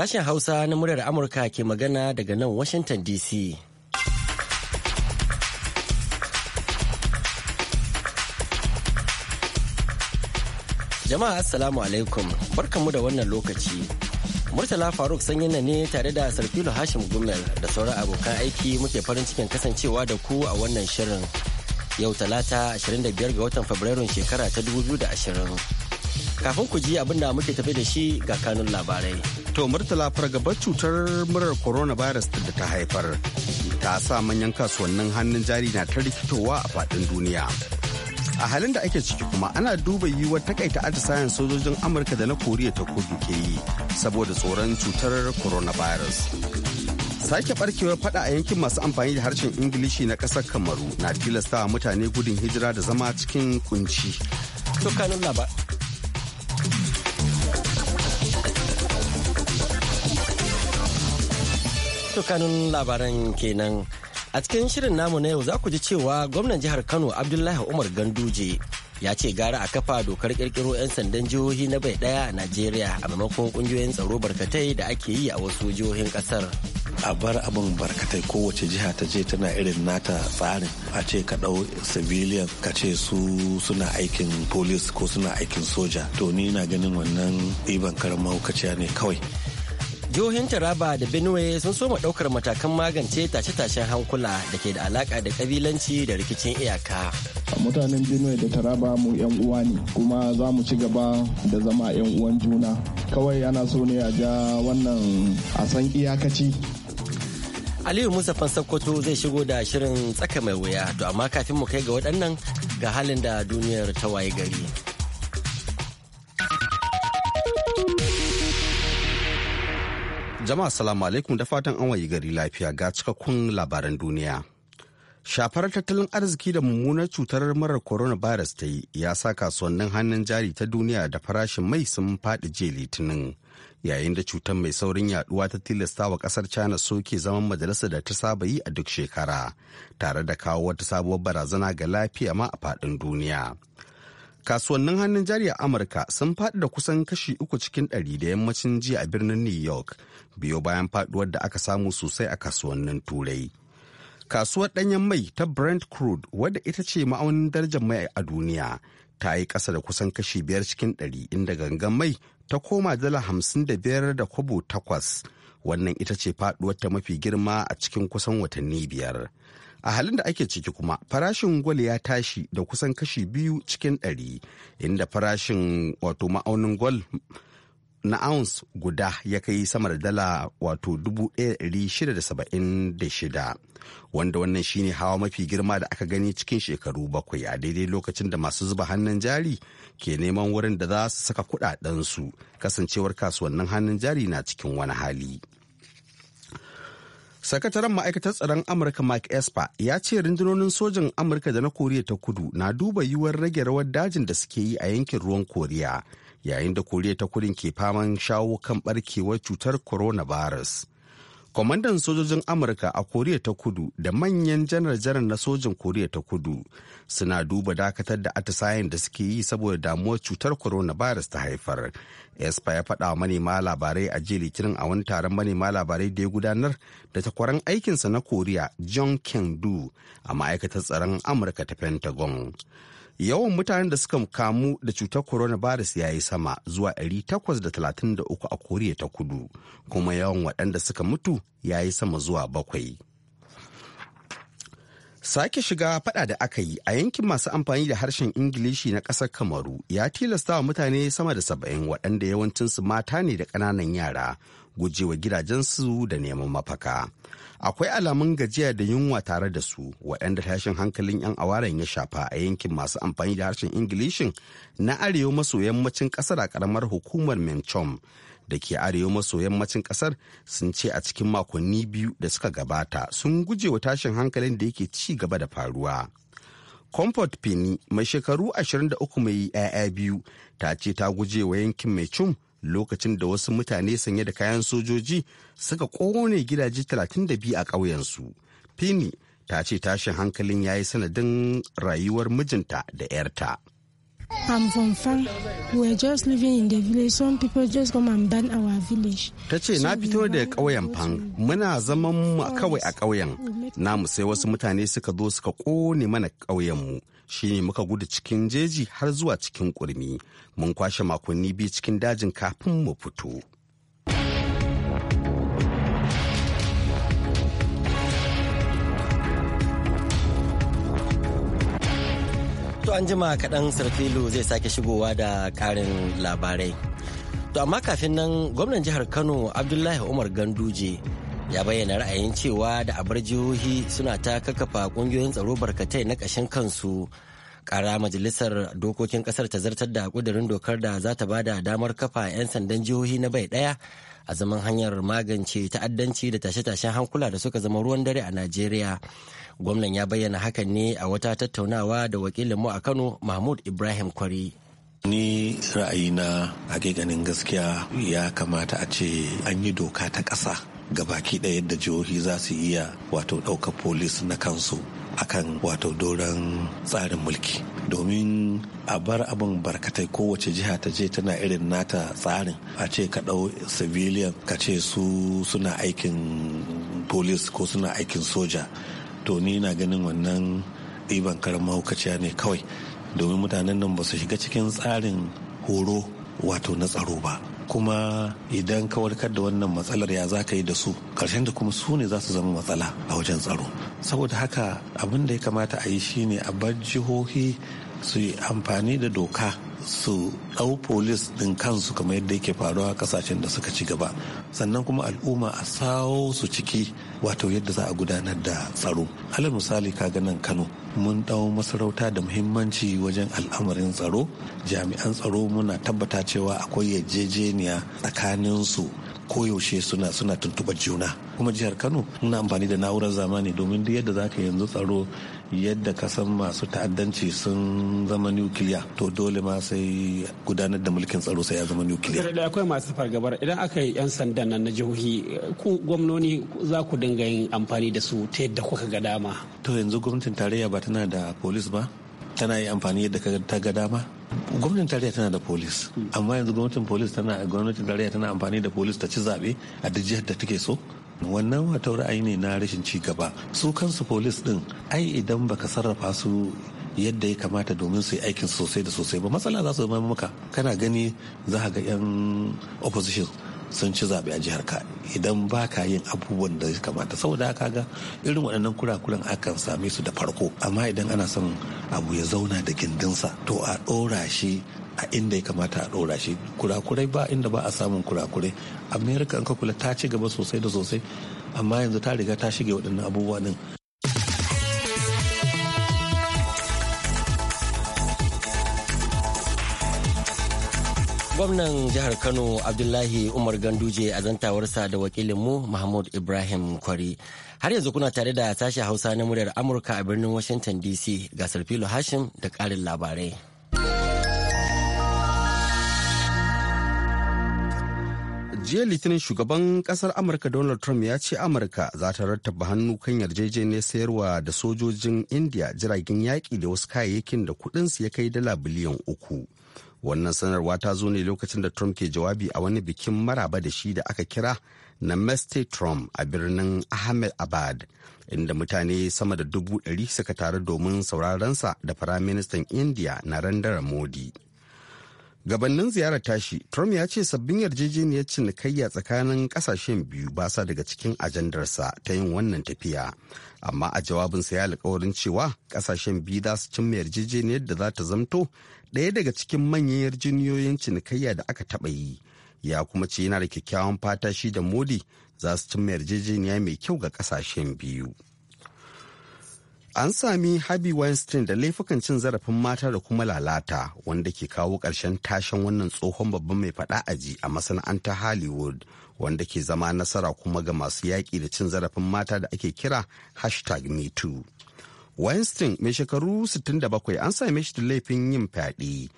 Sashen Hausa na muryar Amurka ke magana daga nan Washington DC. Jama'a Assalamu alaikum, barkanmu da wannan lokaci. Murtala Faruk sanyin ne tare da Sarfilo Hashim Gumel da sauran abokan aiki muke farin cikin kasancewa da ku a wannan shirin. Yau talata 25 ga watan Fabrairun shekara ta 2020. Kafin ku ji abin da muke tafi da shi ga kanun labarai. To murtala fargabar cutar murar coronavirus da ta haifar ta sa manyan kasuwannin hannun jari na ta rikitowa a faɗin duniya. a halin da ake ciki kuma ana duba yiwuwar takaita atisayen sojojin amurka da na koriya ta kudu ke yi saboda tsoron cutar coronavirus sake barkewar fada a yankin masu amfani da harshen ingilishi na kasar kamaru na tilasta mutane gudun hijira da zama cikin kunci Tukanin labaran kenan. A cikin shirin namu na yau za ku ji cewa gwamnan jihar Kano Abdullahi Umar Ganduje ya ce gara a kafa dokar kirkiro 'yan sandan jihohi na bai daya a Najeriya a maimakon kungiyoyin tsaro barkatai da ake yi a wasu jihohin kasar. a bar abin barkatai kowace jiha ta je tana irin nata tsarin a ce ka dau civilian ka ce su suna aikin police ko suna aikin soja to ni na ganin wannan ɗiban karamar ne kawai jihohin taraba da benue sun soma ɗaukar matakan magance tashe-tashen hankula da ke da alaka da kabilanci da rikicin iyaka mutanen benue da taraba mu yan uwa ne kuma za mu ci gaba da zama yan uwan juna kawai ana so ne a ja wannan a san iyakaci aliyu musa Sokoto zai shigo da shirin tsaka mai wuya to amma kafin mu kai ga waɗannan ga halin da duniyar ta waye gari Jama'a salamu alaikum da fatan an wayi gari lafiya ga cikakkun labaran duniya. Shafar tattalin arziki da mummunar cutar marar coronavirus ta yi ya sa kasuwannin hannun jari ta duniya da farashin mai sun faɗi jiya litinin. Yayin da cutar mai saurin yaduwa ta tilasta wa kasar China soke zaman majalisa da ta saba yi a duk shekara, tare da kawo wata sabuwar barazana ga lafiya ma a faɗin duniya. kasuwannin hannun jari a amurka sun faɗi da kusan kashi uku cikin ɗari da yammacin jiya a birnin new york biyo bayan faɗuwar da aka samu sosai a kasuwannin turai kasuwar ɗanyen mai ta brent crude wadda ita ce ma'aunin darajar mai a duniya ta yi ƙasa da kusan kashi biyar cikin ɗari inda gangan mai ta koma dala hamsin da biyar da kobo takwas wannan ita ce faɗuwar ta mafi girma a cikin kusan watanni biyar a halin da ake ciki kuma farashin gwal ya tashi da kusan kashi biyu cikin ɗari inda farashin wato ma'aunin gwal na ounce guda ya kai sama da dala wato 1,676 wanda wannan shine hawa mafi girma da aka gani cikin shekaru bakwai a daidai lokacin da masu zuba hannun jari ke neman wurin da za su saka kudadensu kasancewar kasuwannin hannun jari na cikin wani hali. sakataren ma'aikatar tsaron amurka mike esper ya ce rundunonin sojin amurka da na koriya ta kudu na duba yiwuwar rage rawar dajin da suke yi a yankin ruwan koriya yayin da koriya ta Kudu ke faman shawo kan barkewar cutar coronavirus kwamandan sojojin amurka a koriya ta kudu da manyan janar-janar na sojin koriya ta kudu suna duba dakatar da atisayen da suke yi saboda damuwar cutar corona coronavirus ta haifar espa ya faɗa manema labarai a jiya litinin a wani taron manema labarai da ya gudanar da takwaran aikinsa na koriya john kendu a ma'aikatar tsaron amurka ta pentagon yawan mutanen da suka kamu da cutar coronavirus ya yi sama zuwa 833 a koriya ta kudu kuma yawan waɗanda suka mutu ya yi sama zuwa bakwai sake shiga fada da aka yi a yankin masu amfani da harshen ingilishi na ƙasar kamaru ya tilasta wa mutane sama da saba'in waɗanda yawancinsu mata ne da ƙananan yara gujewa gidajensu da neman mafaka. Akwai alamun gajiya da yunwa tare da su waɗanda tashin hankalin 'yan awaren ya shafa a yankin masu amfani da harshen Ingilishin na arewa maso yammacin ƙasar a ƙaramar hukumar Memchom da ke arewa maso yammacin ƙasar sun ce a cikin makonni biyu da suka gabata sun guje wa tashin hankalin da yake ci gaba da faruwa. Comfort Pini mai shekaru 23 mai 'ya'ya biyu ta ce ta guje wa yankin mai cum lokacin da wasu mutane sanye da kayan sojoji suka kone gidaje 32 a ƙauyensu. Fini ta ce tashin hankalin ya yi sanadin rayuwar mijinta da 'yarta. I'm from far. We're just living in the village. Some people just come and burn our village. Ta ce na fito da ƙauyen Fang. Muna zaman mu kawai a ƙauyen. Namu sai wasu mutane suka zo suka ƙone mana ƙauyenmu. shine muka gudu cikin jeji har zuwa cikin kurmi mun kwashe makonni biyu cikin dajin kafin mu fito To an jima kaɗan sarfilu zai sake shigowa da ƙarin labarai. To amma kafin nan gwamnan jihar Kano Abdullahi Umar Ganduje ya bayyana ra'ayin cewa da abar jihohi suna ta kakafa kungiyoyin tsaro barkatai na ƙashin kansu kara majalisar dokokin kasar ta zartar da kudurin dokar da za ta bada damar kafa 'yan sandan jihohi na bai ɗaya a zaman hanyar magance ta'addanci da tashe-tashen hankula da suka zama ruwan dare a najeriya gwamnan ya bayyana hakan ne a wata tattaunawa da wakilinmu a kano mahmud ibrahim kwari ni ra'ayina hakikanin gaskiya ya kamata a ce an yi doka ta ƙasa Ga baki ɗaya yadda jihohi za su iya wato ɗaukar polis na kansu akan wato doron tsarin mulki domin a bar abin barkatai kowace jiha ta je tana irin nata tsarin a ce ka ɗau civilian ka ce su suna aikin polis ko suna aikin soja to ni na ganin wannan ɗiban karamar hukaciya ne kawai domin mutanen nan ba su shiga cikin tsarin horo wato na tsaro ba kuma idan ka warkar da wannan matsalar ya za yi da su ƙarshen da kuma su ne za su zama matsala a wajen tsaro saboda haka abin da ya kamata a yi shine a bar jihohi su yi amfani da doka su ɗau polis ɗin kansu kamar yadda yake faruwa kasashen da suka ci gaba sannan kuma al'umma a sawo su ciki wato yadda za a gudanar da tsaro alal misali kaga nan kano mun ɗau masarauta da muhimmanci wajen al'amarin tsaro jami'an tsaro muna tabbata cewa akwai yarjejeniya tsakaninsu koyaushe suna suna tuntuɓar juna kuma jihar kano muna amfani da na'urar zamani domin duk yadda za ka yanzu tsaro yadda kasan masu ta'addanci sun zama nukiliya to dole ma sai gudanar da mulkin tsaro sai ya zama nukiliya da akwai masu fargabar idan aka yi yan sandan nan na jihohi ku gwamnoni za ku dinga yin amfani da su ta yadda kuka ga dama to yanzu gwamnatin tarayya ba tana da polis ba tana yi amfani yadda ta ga dama gwamnatin tarayya tana da polis hmm. amma yanzu gwamnatin polis tana gwamnatin tarayya tana amfani da polis ta ci zaɓe a duk jihar da take so wannan wata ra'ayi ne na rashin ci gaba su kansu polis din ai idan baka sarrafa su yadda ya kamata domin su yi aikin sosai da sosai ba matsala za su zama maka kana gani za ka ga 'yan opposition sun ci zaɓe a jihar ka idan ba ka yin abubuwan da ya kamata saboda haka ga irin waɗannan kurakuran akan same su da farko amma idan ana son abu ya zauna da gindinsa to a ɗora shi a inda ya kamata a ɗora shi kurakurai ba inda ba a samun kurakurai america in ka kula ta ci gaba sosai da sosai amma yanzu ta riga ta shige waɗannan abubuwa ɗin. gwamnan jihar kano abdullahi umar ganduje a zantawarsa da wakilinmu mahmud ibrahim kwari har yanzu kuna tare da sashe hausa na muryar amurka a birnin washington dc ga sarfilo hashim da karin labarai jiya litinin shugaban kasar amurka donald trump ya ce amurka za ta rattaba hannu kan yarjejeniyar sayarwa da sojojin india jiragen yaƙi da wasu kayayyakin da su ya kai dala biliyan uku wannan sanarwa ta zo ne lokacin da trump ke jawabi a wani bikin maraba da shi da aka kira na Trump a birnin Ahmed Abad, inda mutane sama da dubu ɗari suka taru domin sauraronsa da Firaministan India Narendra Modi. gabannin ziyarar tashi trump ya ce sabbin yarjejeniyar cinikayya tsakanin kasashen biyu ba sa daga cikin ajandarsa ta yin wannan tafiya amma a jawabinsa ya alkawarin cewa kasashen biyu za su cimma yarjejeniyar da za ta zamto ɗaya daga cikin manyan yarjejeniyoyin cinikayya da aka taɓa yi ya kuma ce yana da kyakkyawan fata shi da modi za su cimma yarjejeniya mai kyau ga kasashen biyu. An sami Harvey Weinstein da laifukan cin zarafin mata da kuma lalata wanda ke kawo ƙarshen tashen wannan tsohon babban mai faɗa aji a masana'antar Hollywood wanda ke zama nasara kuma ga masu yaƙi da cin zarafin mata da ake kira hashtag MeToo. Weinstein mai shekaru 67 an same shi da laifin yin fyaɗe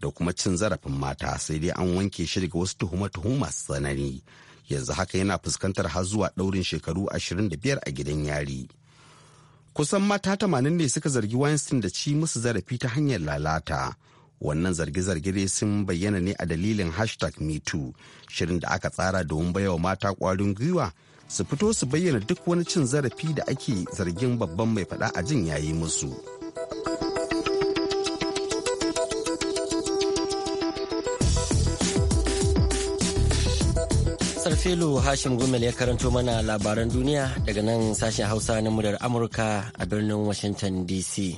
da kuma cin zarafin mata sai dai an wanke shi daga wasu tuhuma-tuhuma masu tsanani. Yanzu haka yana fuskantar har zuwa ɗaurin shekaru 25 a gidan yari. kusan mata tamanin ne suka zargi Weinstein da ci musu zarafi ta hanyar lalata. Wannan zarge-zarge dai sun bayyana ne a dalilin hashtag MeToo, shirin da aka tsara domin wa mata ƙwarin gwiwa su fito su bayyana duk wani cin zarafi da ake zargin babban mai faɗa a jin yayi musu. Sarfilu Hashim Gumel ya karanto mana labaran duniya daga nan sashen Hausa na muryar Amurka a birnin Washington DC.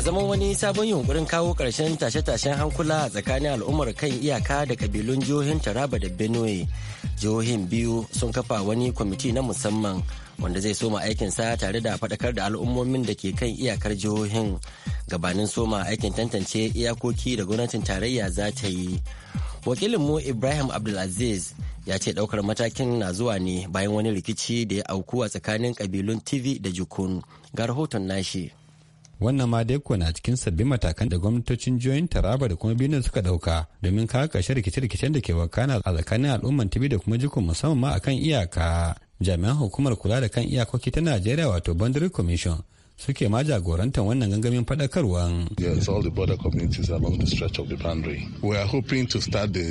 zaman wani sabon yunkurin kawo ƙarshen tashe-tashen hankula tsakanin al'ummar kan iyaka da kabilun jihohin taraba da benue jihohin biyu sun kafa wani kwamiti na musamman wanda zai soma aikinsa tare da faɗakar da al'ummomin da ke kan iyakar jihohin gabanin soma aikin tantance iyakoki da gwamnatin tarayya za ta yi wakilinmu ibrahim abdulaziz ya ce ɗaukar matakin na zuwa ne bayan wani rikici da ya auku a tsakanin kabilun tv da jukun ga rahoton nashi wannan ma dai na cikin sabbin matakan da gwamnatocin jihohin taraba da kuma birnin suka dauka domin kawo ƙarshe rikice-rikicen da ke wakana a tsakanin al'umman tibi da kuma jikun musamman ma akan iyaka jami'an hukumar kula da kan iyakoki ta najeriya wato boundary commission suke ma jagorantar wannan gangamin faɗakarwa. Yes, all the border communities along the stretch of the boundary. We are hoping to start the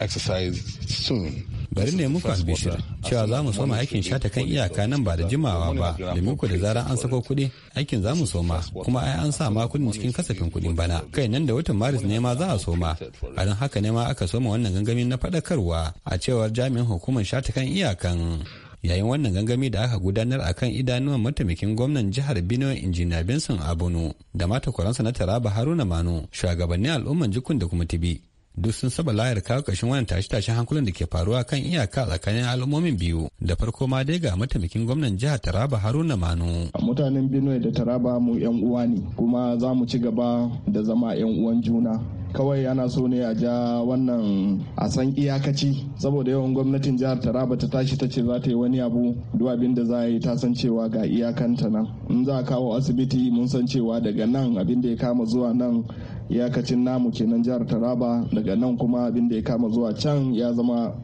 exercise soon. bari ne muku albishir cewa za mu soma aikin shata kan iyaka nan ba da jimawa ba domin muku da zarar an sako kuɗi aikin za mu soma kuma ai an sa ma kuɗin cikin kasafin kuɗin bana kai nan da watan maris ne ma za a soma a don haka ne ma aka soma wannan gangamin na faɗakarwa a cewar jami'in hukumar shata kan iyakan yayin wannan gangami da aka gudanar a kan idanuwan mataimakin gwamnan jihar benue injiniya benson abunu da mata kwaransa na taraba haruna mano shugabannin al'umman jikun da kuma tibi duk sun saba layar kawo kashin wannan tashe-tashen hankulan da ke faruwa kan iyaka tsakanin al'ummomin biyu da farko ma dai ga mataimakin gwamnan jihar taraba haruna manu mutanen benue da taraba mu yan uwa ne kuma za mu ci gaba da zama yan uwan juna kawai ana so ne a ja wannan a san iyakaci saboda yawan gwamnatin jihar taraba ta tashi ta ce za ta yi wani abu duk abin da za a yi ta san cewa ga iyakanta nan in za a kawo asibiti mun san cewa daga nan abin da ya kama zuwa nan iyakacin namu kenan jihar taraba daga nan kuma abin da ya kama zuwa can ya zama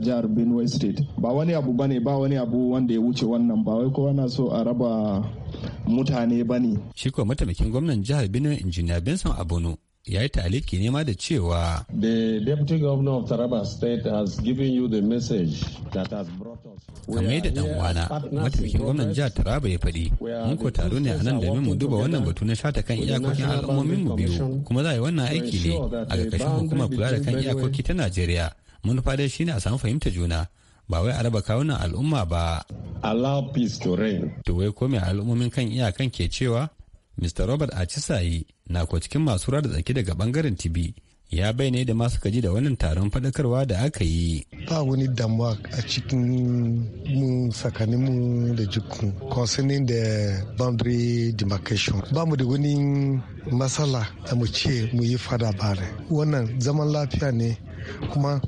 jihar benue state ba wani abu bane ba wani abu wanda ya wuce wannan ba wai kowa na so a raba mutane bane shi ko mataimakin gwamnan jihar benue injiniya benson abono ya yi taliki nema da cewa the deputy governor of taraba state has given you the message that has brought us kamar da dan wana mataimakin gwamnan jihar taraba ya faɗi mun ko taro ne a nan da mu duba wannan batu na shata kan iyakokin al'ummomin mu biyu kuma za a yi wannan aiki ne a ƙarƙashin hukumar kula da kan iyakoki ta najeriya manufa dai ne a samu fahimta juna ba wai a raba kawunan al'umma ba. Allow peace to reign. To wai ko al'ummomin kan iyakan ke cewa Mr. Robert Achisaye na ko cikin masu da tsaki daga bangaren tibi ya bayyana da masu kaji da wannan taron fadakarwa da aka yi. Ba wani damuwa a cikin mu tsakaninmu da jikun concerning da boundary demarcation. Ba mu da wani matsala da mu ce mu yi fada bare. Wannan zaman lafiya ne kuma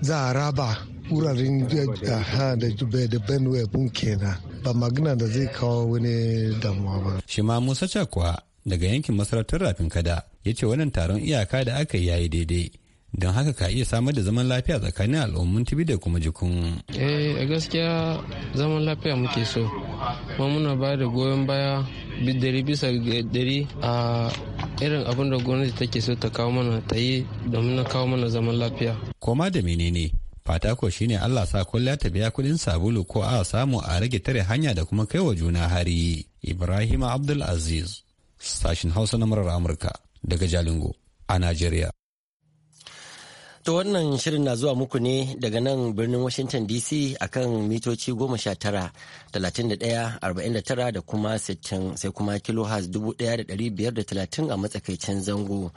za a raba wuraren da benue bun kenan ba magana da zai kawo wani damuwa ba. Shi Musa Cakwa daga yankin masarautar Rafin Kada ya ce wannan taron iyaka da aka yi yayi daidai. don haka ka iya samar da zaman lafiya tsakanin al'ummun tibi da kuma jikun. eh a gaskiya zaman lafiya muke so kuma muna ba da goyon baya dari bisa dari a irin abin da gwamnati take so ta kawo mana ta yi domin na kawo mana zaman lafiya. koma da menene fata ko shine Allah sa kulla ta biya kudin sabulu ko a samu a rage tare hanya da kuma kai wa juna hari Ibrahim Abdul Aziz sashin Hausa na murar Amurka daga Jalingo a Najeriya To wannan shirin na zuwa muku ne daga nan birnin Washington DC akan mitoci 19 da kuma 60 sai kuma da 1530 a matsakaicin zango.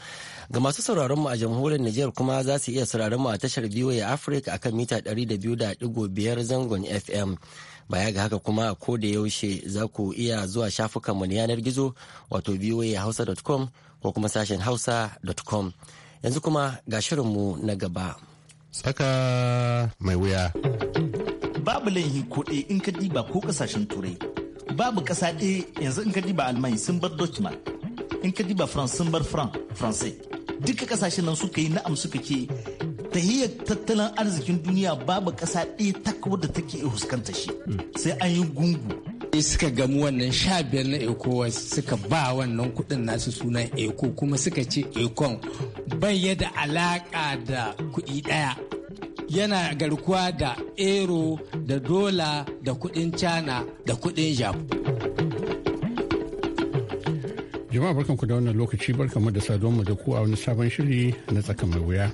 Ga masu sauraron mu a jamhuriyar Nijar kuma za su iya sauraron mu a tashar ya Africa akan mita 200.5 zangon FM. Baya ga haka kuma ko da yaushe za ku iya zuwa shafukanmu na yanar gizo wato voahausa.com ko kuma sashen hausa.com. yanzu kuma ga shirinmu na gaba tsaka mai wuya babu laihi kuɗi in ka diba ko kasashen turai babu ƙasa ɗaya yanzu in ka diba alman sun bar document in ka diba france sun bar france duka kasashen nan suka yi na'am suka ke tahiyar tattalin arzikin duniya babu ƙasa ɗaya ta da take huskanta shi sai an yi gungu suka gamu wannan sha biyar na ecowas suka ba wannan kudin nasu sunan eko kuma suka ce ekon bai da alaka da kudi daya yana garkuwa da ero da dola da kudin china da kudin japan jama'a barkanku da wannan lokaci mu da saduwanmu da ku a wani sabon shiri na tsaka mai wuya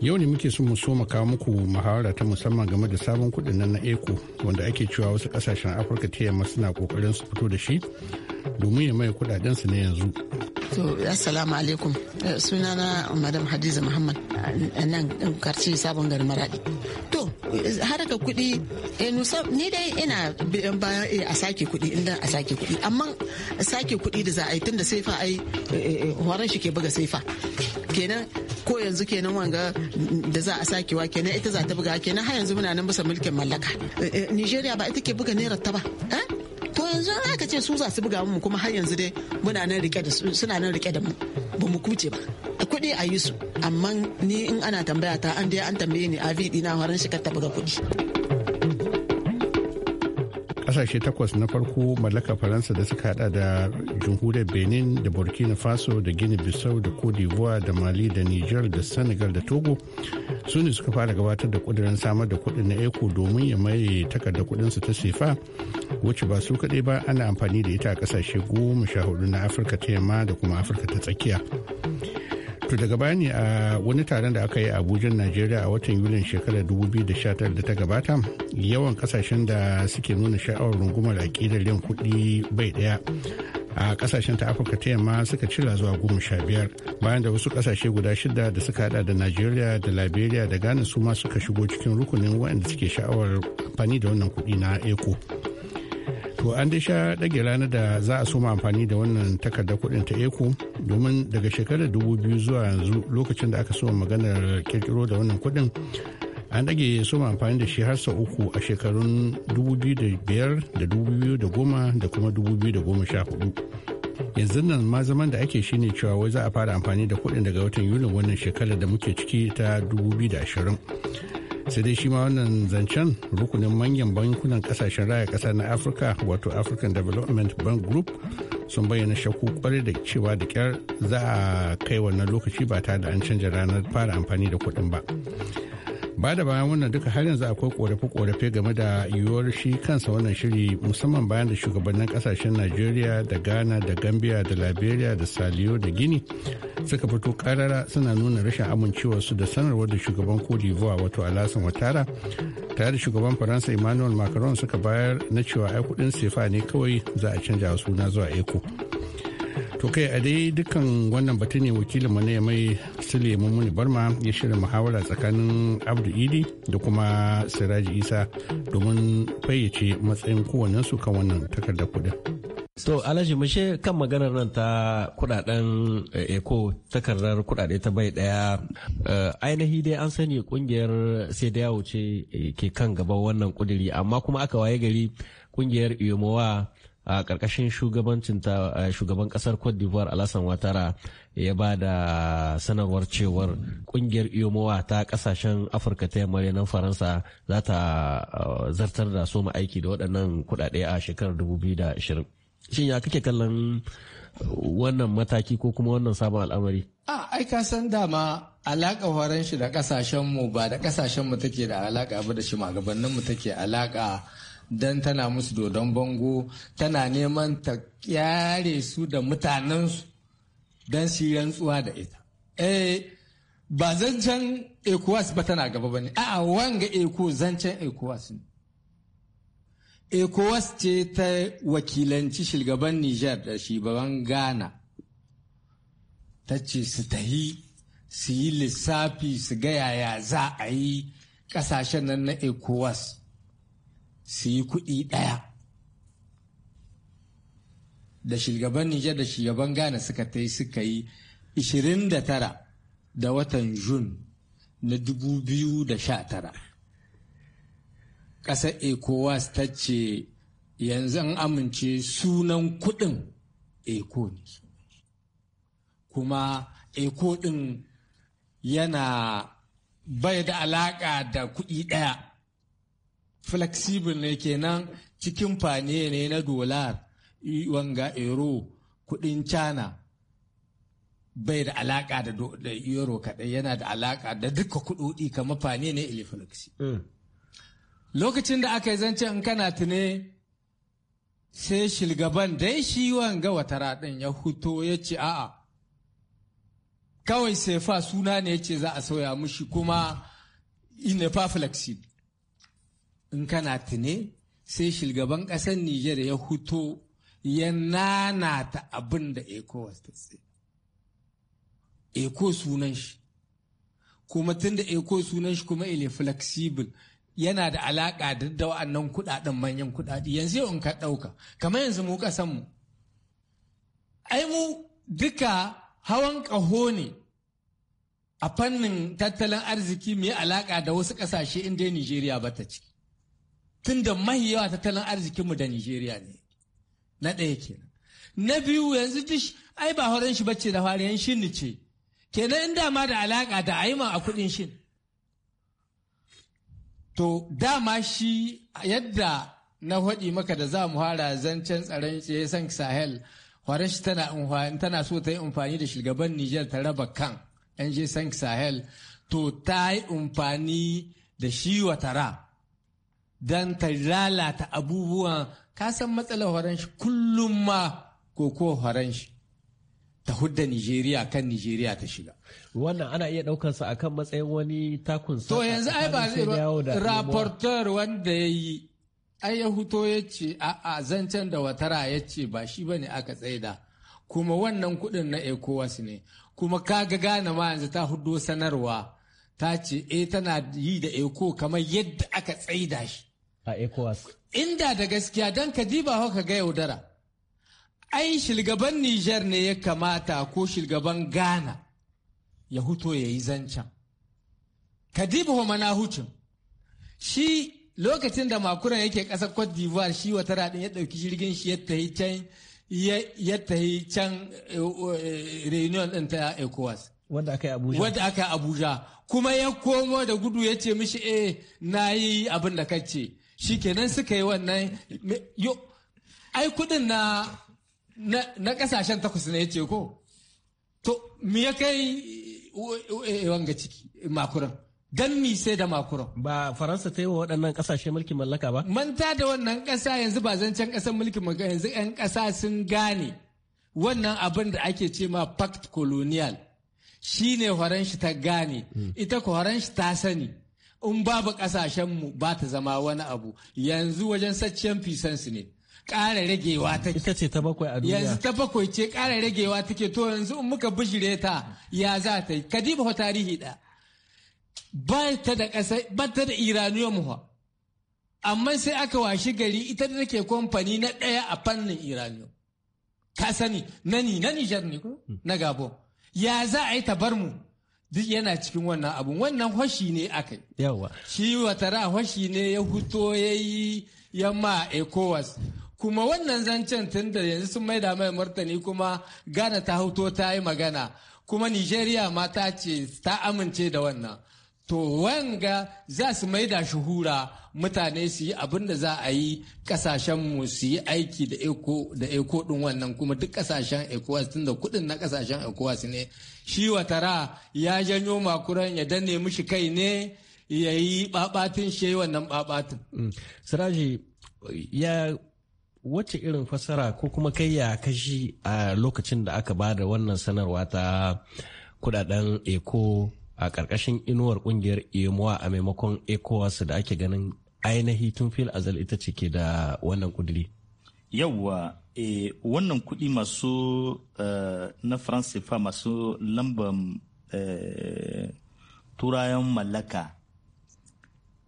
yau ne muke son mu so mu kawo muku muhawara ta musamman game da sabon kudin nan na eco wanda ake cewa wasu kasashen afirka ta yamma suna kokarin su fito da shi domin ya maye kudaden su na yanzu to assalamu alaikum eh, sunana madam hadiza muhammad nan karci sabon garin maradi to haraka kuɗi eh, ni dai ina biyan bayan eh, a sake kuɗi inda a sake kuɗi amma sake kuɗi da za a yi tunda fa ai horon shi ke buga sai fa kenan ko yanzu kenan wanga da za a sake wa kenan ita za ta buga kenan har yanzu muna nan bisa mulkin mallaka eh, eh, nigeria ba ita ke buga naira ta ba eh? to yanzu aka ce su za su buga mu kuma har yanzu dai muna nan rike da suna nan rike da mu ba mu kuce ba kuɗi a yi su amma ni in ana tambaya ta an dai an tambaye ni a na horon shi ka buga kuɗi kasashe takwas na farko mallaka faransa da suka hada da jamhuriyar benin da burkina faso da guinea bissau da cote d'ivoire da mali da niger da senegal da togo su ne suka fara gabatar da kudirin samar da kudin na eco domin ya maye takardar su ta sefa wacce ba su kadai ba ana amfani da ita a kasashe goma sha hudu na afirka ta yamma da kuma afirka ta tsakiya to daga bayani a wani taron da aka yi a abuja najeriya a watan yulin shekarar 2019 da ta gabata yawan kasashen da suke nuna sha'awar rungumar aƙidar yan kuɗi bai ɗaya a kasashen ta afirka ta yamma suka cira zuwa goma sha biyar bayan da wasu kasashe guda shida da suka hada da najeriya da liberia da ghana su ma suka shigo cikin rukunin waɗanda suke sha'awar amfani da wannan kuɗi na eco to an dai sha ɗage ranar da za a soma amfani da wannan takarda kuɗin ta eku domin daga shekarar dubu biyu zuwa yanzu lokacin da aka soma maganar kirkiro da wannan kuɗin an dage soma amfani da shi har sau uku a shekarun biyu da biyar da dubu biyu da da goma kuma dubu biyu da goma sha hudu yanzu nan ma zaman da ake shine cewa wai za a fara amfani da kuɗin daga watan yulin wannan shekarar da muke ciki ta dubu biyu da ashirin. sai dai shi ma wannan zancen rukunin manyan bankunan kasashen raya kasa na afirka wato african development bank group sun bayyana shakku kwarai da cewa da kyar za a kai wannan lokaci ba tare da an canza ranar fara amfani da kuɗin ba ba da bayan wannan duka har yanzu akwai korafe-korafe game da yiwuwar shi kansa wannan shiri musamman bayan da shugabannin kasashen najeriya da ghana da gambia da liberia da saliyo da gini suka fito karara suna nuna rashin amincewarsu da sanarwar da shugaban cote d'ivoire wato alasan watara tare da shugaban faransa emmanuel macron suka bayar na cewa ai kudin sefa ne kawai za a canja suna zuwa eco to kai a dai dukkan wannan batu ne wakilin mu ne mai sule mummuni barma ya shirya muhawara tsakanin abdu idi da kuma siraji isa domin fayyace matsayin su kan wannan takardar kudin To Alhaji mushe kan maganar nan ta kudaden eh, eko takardar kudade ta bai daya eh, ainihi dai an sani kungiyar sai da yawo ce eh, ke kan gaba wannan kudiri amma kuma aka waye gari kungiyar iyomowa a ƙarƙashin shugaban ƙasar cote d'ivoire alasan watara ya ba da sanarwar cewar ƙungiyar iyomowa ta ƙasashen afirka ta yamma nan faransa za ta zartar da soma aiki da waɗannan kuɗaɗe a shekarar 2020 shin ya kake kallon wannan mataki ko kuma wannan sabon al'amari a ai ka san dama alaƙa horon shi da ƙasashenmu ba da ƙasashenmu take da alaƙa ba da shi magabanninmu take alaƙa don tana musu dodon bango tana neman ta kyare su da mutanensu don yi rantsuwa da ita eh ba zancen ecowas ba tana gaba ba ne a'a wanga eko zancen ecowas ne ecowas ce ta wakilanci shugaban niger da shugaban ghana ta ce su tahi su yi lissafi su ga yaya za a yi kasashen nan na ecowas su yi kuɗi ɗaya da shugaban Nijar da shugaban Ghana suka ta yi suka yi 29 da watan Jun na 2019. Ƙasar Ekowas ta ce yanzu an amince sunan kuɗin Eko ne. Kuma Eko ɗin yana bai da alaƙa da kuɗi ɗaya. flexible ne kenan cikin fane ne na dolar wanga euro kudin china bai da alaka da euro kadai yana da alaka da duka kudodi kamar fane ne iliflexi mm. lokacin da aka yi zance in kana tune sai shilgaban dai shi wanga watara din ya huto ya ce a'a kawai sefa suna ne ya ce za a sauya mushi kuma ina fa flexible in kana tune sai shugaban ƙasar Nijar ya huto ya nanata abin da ECOWAS ta ce. Eko sunan shi, kuma tun da Eko sunan shi kuma ile flexible yana da alaƙa da wa'annan kuɗaɗen manyan kuɗaɗe yanzu yau in ka ɗauka, kamar yanzu mu ƙasanmu. Ai mu duka hawan ƙaho ne a fannin tattalin arziki mai alaƙa da wasu ƙasashe inda Nijeriya ba ta ciki. tun da mahi yawa tattalin arzikinmu da Nijeriya ne. Na ɗaya ke. Na biyu yanzu duk ai ba horon shi bacci da fariyan shin ni ce. Kenan in dama da alaƙa da aima a kuɗin shin. To dama shi yadda na faɗi maka da za mu fara zancen tsaron eh, san Sahel horon shi tana so ta yi amfani da shugaban Nijar ta raba kan 'yan san Sahel to ta yi amfani da shi wa tara. don ta lalata abubuwan san matsalar horon shi kullum ma koko horon shi ta hudda Nijeriya kan Nijeriya ta shiga. Wannan ana iya ɗaukarsa a kan matsayin wani takun To yanzu ai ba zai raporteur wanda ya yi ai ya huto ya ce a zancen da watara ya ce ba shi ba ne aka tsaida kuma wannan kuɗin na ECOWAS ne kuma kaga gane ma yanzu ta hudo sanarwa ta ce e tana yi da eko kamar yadda aka tsaida shi a ECOWAS. Inda da gaskiya don ka diba ka ga yaudara. Ai shilgaban Nijar ne ya kamata ko shilgaban Ghana ya huto ya yi zancen. Kadiba wa mana hucin. Shi lokacin da makuran yake ƙasar Cote d'Ivoire shi wata raɗin ya ɗauki jirgin shi ya tahi can ya tahi can eh, reunion ɗin ta ECOWAS. wanda aka yi Abuja. Wanda aka yi Abuja. Kuma ya komo da gudu ya ce mishi eh na yi abin da kace. shikenan suka yi wannan yo ai kudin na na kasashen takwas ne yace ko to me ya kai e, e, wanga ciki makuran dan ni sai da makuran ba faransa ta yi wa waɗannan ƙasashe mulkin mallaka ba manta da wannan ƙasa yanzu ba zancen ƙasar mulkin mallaka yanzu 'yan ƙasa sun gane wannan abin da ake ce ma pact colonial shine horon shi ta gane hmm. ita ko shi ta sani in babu kasashenmu ba ta zama wani abu yanzu wajen saccen fisansu ne ƙara ragewa ta ita ce ta bakwai a duniya yanzu ta bakwai ce ƙara ragewa take to yanzu in muka bijire ta ya za ta yi kadiba ho tarihi da ba ta da ƙasa ba ta da iraniyo mu amma sai aka washi gari ita da take kamfani na ɗaya a fannin iraniyo ka sani nani na nijar ne ko hmm. na gabo ya za a yi ta bar mu duk yana cikin wannan abun wannan hoshi ne aka yi yawa shi watara hoshi ne ya huto ya yi yamma ecowas kuma wannan zancen tunda yanzu sun maida mai martani kuma ghana ta huto ta yi magana kuma nigeria ma ta ce ta amince da wannan to wanga za su maida shi hura mutane su yi abin da za a yi kasashenmu su yi aiki da eko da eko din wannan kuma duk kasashen ecowas tun da kudin na kasashen ecowas ne shi watara ya janyo makuran ya danne mishi kai ne ya yi babatin shi wannan babatin mm. siraji ya wacce irin fasara ko kuma kai ya kashi a lokacin da aka ba da wannan sanarwa ta kudaden eco a ƙarƙashin inuwar ƙungiyar emoa a maimakon ecowas da ake ganin ainihi tun fil azal ita ce ke da wannan kudiri yauwa e, eh, wannan kudi masu eh, na france masu lambar uh, turayen mallaka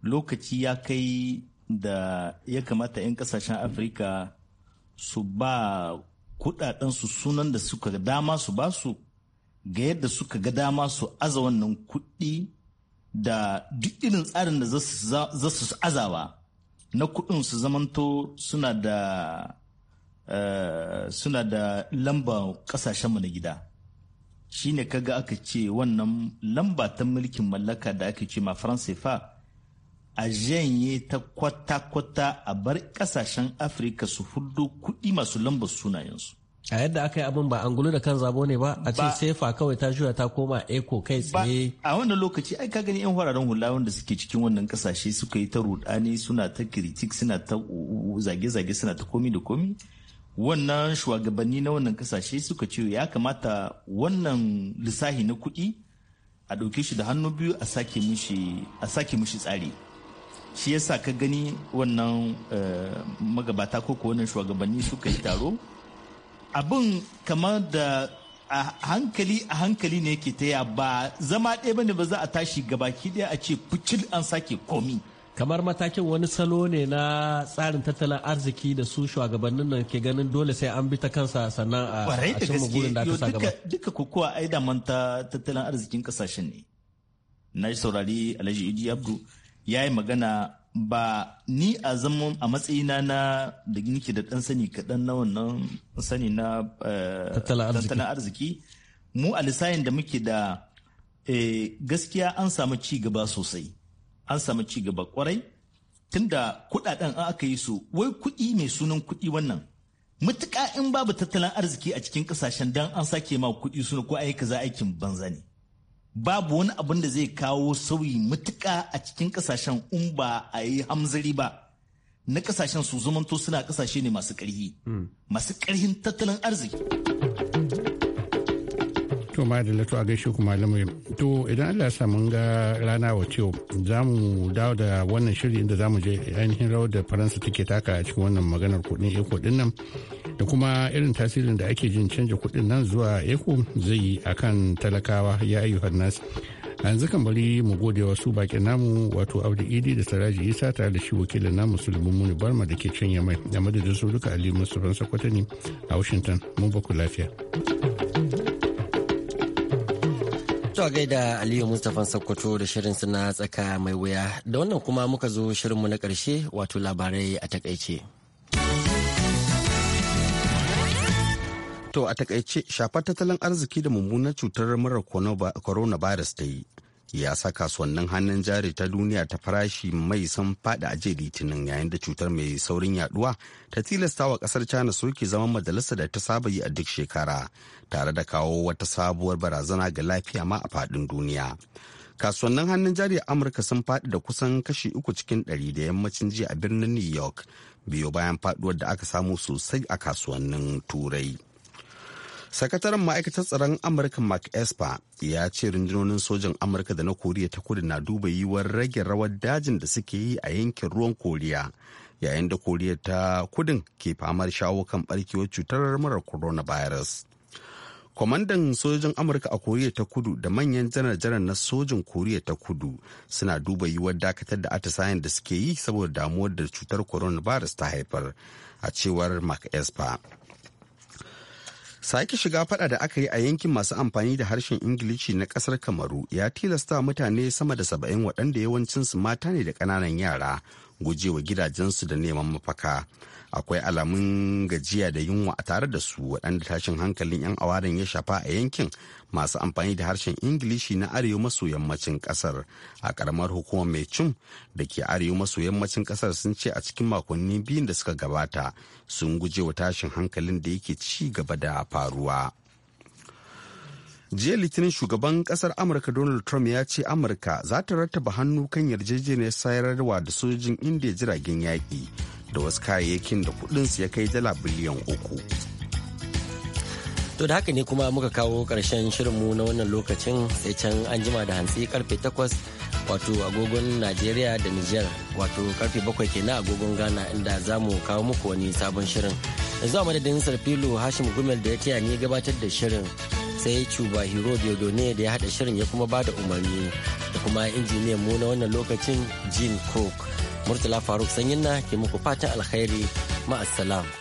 lokaci ya kai da ya kamata 'yan kasashen afirka su ba kudadensu sunan da suka dama su ba su ga yadda suka ga dama su aza wannan kuɗi da duk irin tsarin da za su azawa na kuɗin su zamanto suna da eh, suna da lamba ƙasashenmu na gida shi ne kaga aka ce wannan lamba ta mulkin mallaka da aka ce ma faransa fa a janye ta kwata-kwata a bar ƙasashen afirka su hudu kuɗi masu lambar sunayensu a yadda aka yi abin ba an gulu da kan zabo ne ba a ce sefa kawai ta juya ta koma eko kai tsaye a wannan lokaci ai ka gani yan fararen hula wanda suke cikin wannan kasashe suka yi ta rudani suna ta kritik suna ta zage-zage suna ta komi da komi wannan shugabanni na wannan kasashe suka ce ya kamata wannan lissahi na kuɗi a ɗauke shi da hannu biyu a sake mushi tsari shi yasa ka gani wannan eh, magabata ko wannan shugabanni suka yi taro abin kamar da a hankali a hankali ne yake ta ba zama ɗaya bane ba za a tashi gabaki ɗaya a ce kucil an sake komi kamar matakin wani salo ne na tsarin tattalin arziki da su shugabannin nan ke ganin dole sai an bi ta kansa sannan a cikin da aka sa gaba duka kokowa ai da manta tattalin arzikin kasashen ne na saurari alhaji idi abdu ya yi magana ba ni a zama a matsayina na da nike da ɗan sani kaɗan na wannan sani na eh, tattalin arziki mu a lissayin da muke da eh, gaskiya an samu ci gaba sosai an samu ci gaba kwarai tunda kuɗaɗen an aka yi su wai kuɗi mai sunan kuɗi wannan matuka in babu tattalin arziki a cikin ƙasashen dan an sake ma kuɗi suna ko aika za aikin banza ne babu wani abin da zai kawo sauyi matuka a cikin kasashen in ba a yi hamzari ba na kasashen su zumanto suna kasashe ne masu ƙarfi hmm. masu ƙarfin tattalin arziki. to ma da lato a gaishe ku malamai to idan Allah ya sa mun ga rana wa za mu dawo da wannan shirin inda za mu je ainihin rawar da faransa take taka a cikin wannan maganar kuɗin eko dinnan da kuma irin tasirin da ake jin canja kuɗin nan zuwa eco zai yi kan talakawa ya ayyukan nasu yanzu kan bari mu gode wasu bakin namu wato audu idi da saraji isa tare da shi wakilin namu sulmin muni barma da ke can yamai da madadin su duka ali musulman sakwata ne a washington mun baku lafiya to gaida aliyu mustapha sakkwato da shirin suna tsaka mai wuya da wannan kuma muka zo shirinmu na karshe wato labarai a takaice. To a takaice shafar tattalin arziki da mummunar cutar mara coronavirus ta yi ya sa kasuwannin hannun jari ta duniya ta farashi mai sun fada a jiya litinin yayin da cutar mai saurin yaduwa ta tilasta wa kasar china soke zama majalisa da ta saba yi a duk shekara tare da kawo wata sabuwar barazana ga lafiya ma a fadin duniya kasuwannin hannun jari a amurka sun fadi da kusan kashi uku cikin ɗari da yammacin jiya a birnin new york biyo bayan faduwar da aka samu sosai a kasuwannin turai sakataren ma'aikatar tsaron amurka mark esper ya ce rundunonin sojan amurka da na koriya ta kudu na duba yiwuwar rage rawar dajin da suke yi a yankin ruwan koriya yayin da koriya ta kudin ke famar shawo kan barkewar cutar mara coronavirus kwamandan sojan amurka a koriya ta kudu da manyan janar-janar na sojin koriya ta kudu suna duba yiwuwar dakatar da atisayen da suke yi saboda damuwar da cutar coronavirus ta haifar a cewar mark esper Sake shiga fada da aka yi a yankin masu amfani da harshen Ingilishi na kasar Kamaru ya tilasta mutane sama da saba'in waɗanda yawancinsu mata ne da ƙananan yara gujewa gidajensu da neman mafaka. akwai alamun gajiya da yunwa a tare da su waɗanda tashin hankalin 'yan awarin ya shafa a yankin masu amfani da harshen ingilishi na arewa maso yammacin kasar a karamar hukumar mai cin da ke arewa maso yammacin kasar sun ce a cikin makonni biyun da suka gabata sun guje wa tashin hankalin da yake ci gaba da faruwa. jiya litinin shugaban kasar amurka donald trump ya ce amurka za ta rattaba hannu kan yarjejeniyar sayarwa da sojojin indiya jiragen yaƙi da wasu kayayyakin da kudinsu ya kai dala biliyan uku. To da haka ne kuma muka kawo karshen shirinmu na wannan lokacin sai can an jima da hantsi karfe takwas wato agogon Najeriya da Nijar wato karfe bakwai ke na agogon Ghana inda za mu kawo muku wani sabon shirin. Yanzu a madadin Sarfilo Hashim Gumel da ya taya ni gabatar da shirin sai Cuba Hero ne da ya haɗa shirin ya kuma ba da umarni da kuma injiniyan mu na wannan lokacin Jim Cook. Murtala Faruk Sanyin na ke muku fatan alkhairi ma'assalam.